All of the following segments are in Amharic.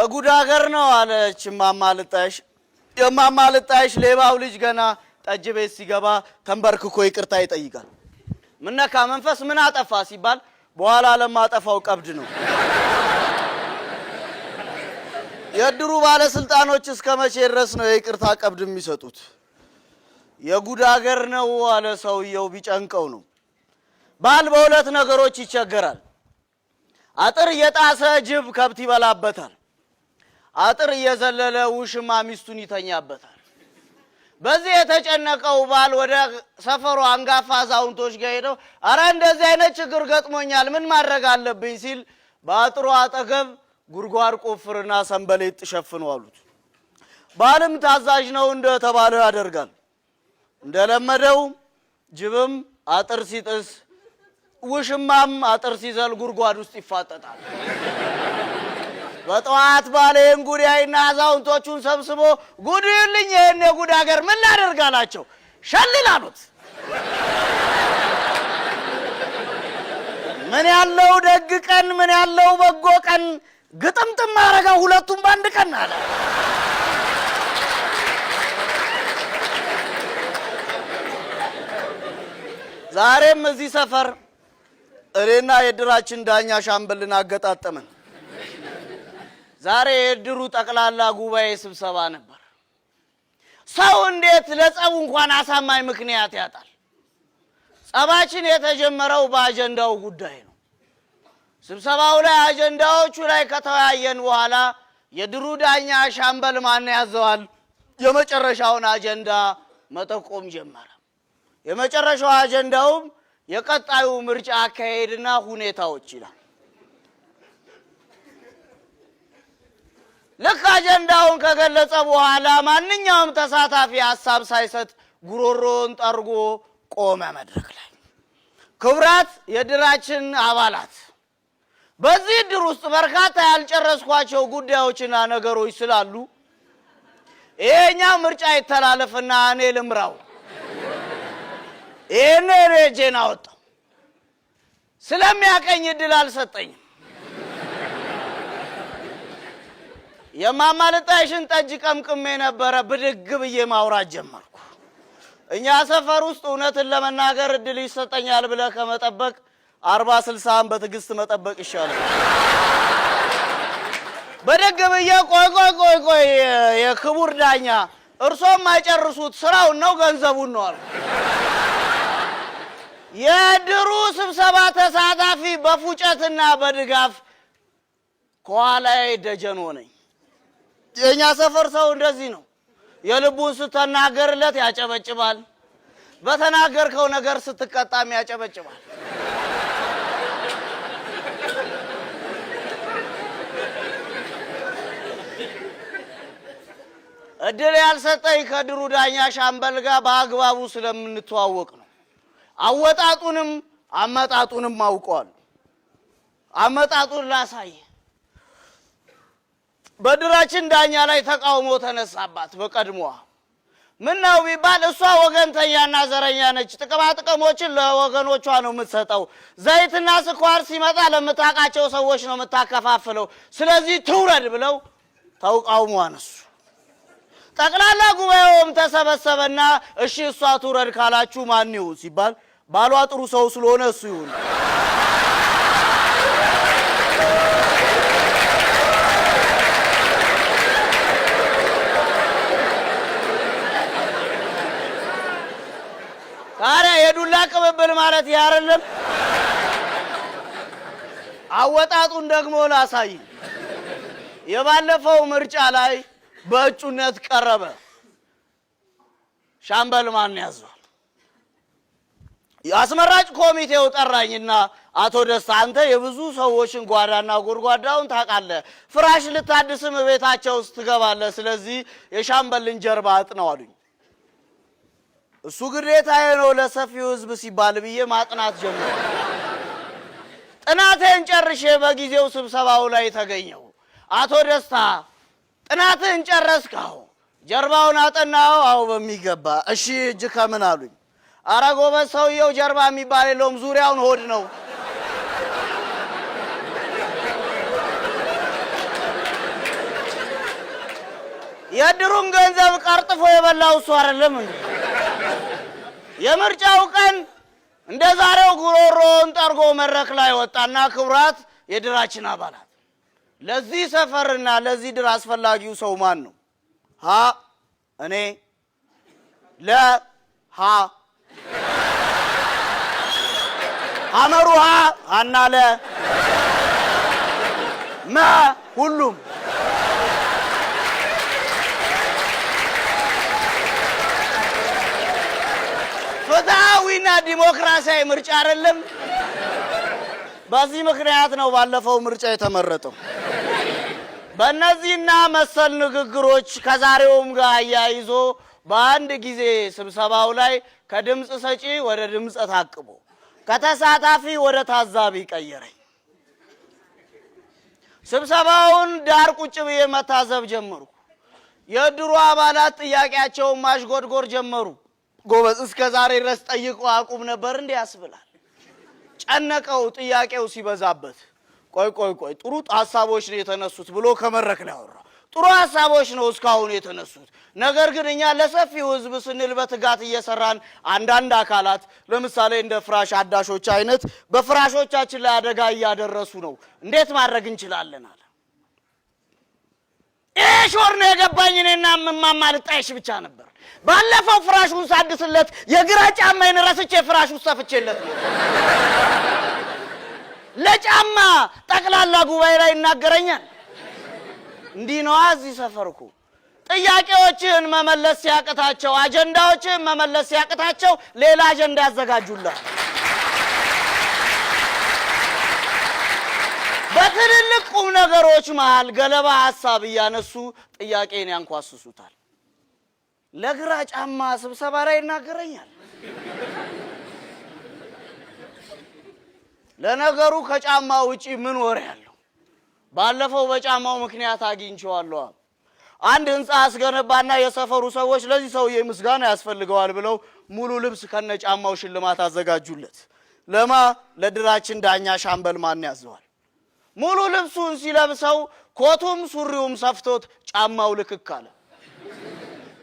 የጉድ ሀገር ነው አለች እማማልጣሽ። የማማልጣሽ ሌባው ልጅ ገና ጠጅ ቤት ሲገባ ተንበርክኮ ይቅርታ ይጠይቃል። ምነካ መንፈስ ምን አጠፋ ሲባል በኋላ ለማጠፋው ቀብድ ነው። የድሩ ባለስልጣኖች እስከ መቼ ድረስ ነው የይቅርታ ቀብድ የሚሰጡት? የጉድ ሀገር ነው አለ ሰውየው። ቢጨንቀው ነው ባል በሁለት ነገሮች ይቸገራል። አጥር የጣሰ ጅብ ከብት ይበላበታል። አጥር እየዘለለ ውሽማ ሚስቱን ይተኛበታል። በዚህ የተጨነቀው ባል ወደ ሰፈሩ አንጋፋ አዛውንቶች ጋር ሄደው አረ እንደዚህ አይነት ችግር ገጥሞኛል፣ ምን ማድረግ አለብኝ ሲል በአጥሩ አጠገብ ጉድጓድ ቆፍርና ሰንበሌጥ ሸፍኑ አሉት። ባልም ታዛዥ ነው እንደተባለው ያደርጋል። እንደለመደው ጅብም አጥር ሲጥስ፣ ውሽማም አጥር ሲዘል ጉድጓድ ውስጥ ይፋጠጣል። በጠዋት ባለ ይህን ጉዳይና አዛውንቶቹን ሰብስቦ ጉድልኝ ይህን የጉድ ሀገር ምን ላደርግ አላቸው። ሸልል አሉት። ምን ያለው ደግ ቀን፣ ምን ያለው በጎ ቀን፣ ግጥምጥም አረገው ሁለቱም በአንድ ቀን አለ። ዛሬም እዚህ ሰፈር እኔና የድራችን ዳኛ ሻምበልን አገጣጠምን። ዛሬ የእድሩ ጠቅላላ ጉባኤ ስብሰባ ነበር። ሰው እንዴት ለጸቡ እንኳን አሳማኝ ምክንያት ያጣል? ጸባችን የተጀመረው በአጀንዳው ጉዳይ ነው። ስብሰባው ላይ አጀንዳዎቹ ላይ ከተወያየን በኋላ የድሩ ዳኛ ሻምበል ማን ያዘዋል የመጨረሻውን አጀንዳ መጠቆም ጀመረ። የመጨረሻው አጀንዳውም የቀጣዩ ምርጫ አካሄድና ሁኔታዎች ይላል። ልክ አጀንዳውን ከገለጸ በኋላ ማንኛውም ተሳታፊ ሀሳብ ሳይሰጥ ጉሮሮን ጠርጎ ቆመ መድረክ ላይ። ክቡራት የድራችን አባላት በዚህ ድር ውስጥ በርካታ ያልጨረስኳቸው ጉዳዮችና ነገሮች ስላሉ ይሄኛው ምርጫ ይተላለፍና እኔ ልምራው። ይህን ሬጄን አወጣው ስለሚያቀኝ እድል አልሰጠኝም። የማማልጣይሽን ጠጅ ቀምቅሜ ነበረ። ብድግ ብዬ ማውራት ጀመርኩ። እኛ ሰፈር ውስጥ እውነትን ለመናገር እድል ይሰጠኛል ብለህ ከመጠበቅ አርባ ስልሳን በትዕግስት መጠበቅ ይሻላል። ብድግ ብዬ ቆይ ቆይ ቆይ ቆይ የክቡር ዳኛ እርሶም አይጨርሱት ስራውን ነው ገንዘቡን ነው አልኩ። የድሩ ስብሰባ ተሳታፊ በፉጨትና በድጋፍ ከኋላዬ ደጀን ሆነኝ። የእኛ ሰፈር ሰው እንደዚህ ነው። የልቡን ስተናገርለት ያጨበጭባል። በተናገርከው ነገር ስትቀጣም ያጨበጭባል። እድል ያልሰጠኝ ከድሩ ዳኛ ሻምበል ጋር በአግባቡ ስለምንተዋወቅ ነው። አወጣጡንም አመጣጡንም አውቀዋል። አመጣጡን ላሳይ በድራችን ዳኛ ላይ ተቃውሞ ተነሳባት። በቀድሞዋ ነው ቢባል እሷ ወገንተኛና ዘረኛ ነች። ጥቅማ ጥቅሞችን ለወገኖቿ ነው የምትሰጠው። ዘይትና ስኳር ሲመጣ ለምታውቃቸው ሰዎች ነው የምታከፋፍለው። ስለዚህ ትውረድ ብለው ተቃውሞ አነሱ። ጠቅላላ ጉባኤውም ተሰበሰበና እሺ እሷ ትውረድ ካላችሁ ማን ይሁን ሲባል ባሏ ጥሩ ሰው ስለሆነ እሱ ይሁን የዱላ ቅብብል ማለት ይህ አይደለም። አወጣጡን ደግሞ ላሳይ። የባለፈው ምርጫ ላይ በእጩነት ቀረበ። ሻምበል ማን ያዟል? አስመራጭ ኮሚቴው ጠራኝና አቶ ደስታ አንተ የብዙ ሰዎችን ጓዳና ጎድጓዳውን ታውቃለህ፣ ፍራሽ ልታድስም ቤታቸው ውስጥ ትገባለህ። ስለዚህ የሻምበልን ጀርባ አጥነው አሉኝ። እሱ ግዴታዬ ነው ለሰፊው ህዝብ ሲባል ብዬ ማጥናት ጀመረ። ጥናትህን ጨርሼ በጊዜው ስብሰባው ላይ ተገኘው። አቶ ደስታ ጥናትህን ጨረስካው? ጀርባውን አጠናው? አዎ በሚገባ። እሺ እጅ ከምን አሉኝ። አረ ጎበዝ ሰውየው ጀርባ የሚባል የለውም ዙሪያውን ሆድ ነው። የድሩን ገንዘብ ቀርጥፎ የበላው እሱ አይደለም እንዴ? የምርጫው ቀን እንደ ዛሬው ጉሮሮን ጠርጎ መድረክ ላይ ወጣና ክቡራት የድራችን አባላት ለዚህ ሰፈርና ለዚህ ድር አስፈላጊው ሰው ማን ነው? ሀ እኔ ለ ሀ አመሩ ሀ አና ለ መ ሁሉም ዲሞክራሲያዊ ምርጫ አይደለም። በዚህ ምክንያት ነው ባለፈው ምርጫ የተመረጠው። በእነዚህና መሰል ንግግሮች ከዛሬውም ጋር አያይዞ በአንድ ጊዜ ስብሰባው ላይ ከድምፅ ሰጪ ወደ ድምፅ ታቅቦ ከተሳታፊ ወደ ታዛቢ ቀየረኝ። ስብሰባውን ዳር ቁጭ ብዬ መታዘብ ጀመርኩ። የድሮ አባላት ጥያቄያቸውን ማሽጎድጎድ ጀመሩ። ጎበዝ እስከ ዛሬ ድረስ ጠይቆ አቁም ነበር እንዴ ያስብላል። ጨነቀው ጥያቄው ሲበዛበት። ቆይ ቆይ ቆይ ጥሩ ሀሳቦች ነው የተነሱት ብሎ ከመድረክ ላይ አወራ። ጥሩ ሀሳቦች ነው እስካሁን የተነሱት። ነገር ግን እኛ ለሰፊው ህዝብ ስንል በትጋት እየሰራን አንዳንድ አካላት ለምሳሌ እንደ ፍራሽ አዳሾች አይነት በፍራሾቻችን ላይ አደጋ እያደረሱ ነው። እንዴት ማድረግ እንችላለን አለ ይህ ሾር ነው የገባኝ። እኔና እማማ ልጣይሽ ብቻ ነበር። ባለፈው ፍራሹን ሳድስለት የግራ ጫማዬን ረስቼ ፍራሽ ውስጥ ሰፍቼለት ነው። ለጫማ ጠቅላላ ጉባኤ ላይ ይናገረኛል። እንዲህ ነዋ እዚህ ሰፈርኩ። ጥያቄዎችህን መመለስ ሲያቅታቸው፣ አጀንዳዎችህን መመለስ ሲያቅታቸው ሌላ አጀንዳ ያዘጋጁላል። በትልልቅ ቁም ነገሮች መሃል ገለባ ሀሳብ እያነሱ ጥያቄን ያንኳስሱታል። ለግራ ጫማ ስብሰባ ላይ ይናገረኛል። ለነገሩ ከጫማ ውጪ ምን ወሬ ያለው? ባለፈው በጫማው ምክንያት አግኝቼዋለሁ። አንድ ህንፃ አስገነባና የሰፈሩ ሰዎች ለዚህ ሰውዬ ምስጋና ያስፈልገዋል ብለው ሙሉ ልብስ ከነ ጫማው ሽልማት አዘጋጁለት። ለማ ለድራችን ዳኛ ሻምበል ማን ያዘዋል? ሙሉ ልብሱን ሲለብሰው ኮቱም ሱሪውም ሰፍቶት ጫማው ልክክ አለ።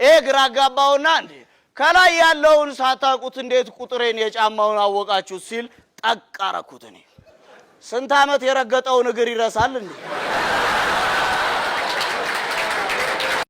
ይሄ ግራ ጋባውና እንዴ ከላይ ያለውን ሳታውቁት እንዴት ቁጥሬን የጫማውን አወቃችሁ ሲል ጠቅ አረኩት። እኔ ስንት ዓመት የረገጠውን እግር ይረሳል እንዴ?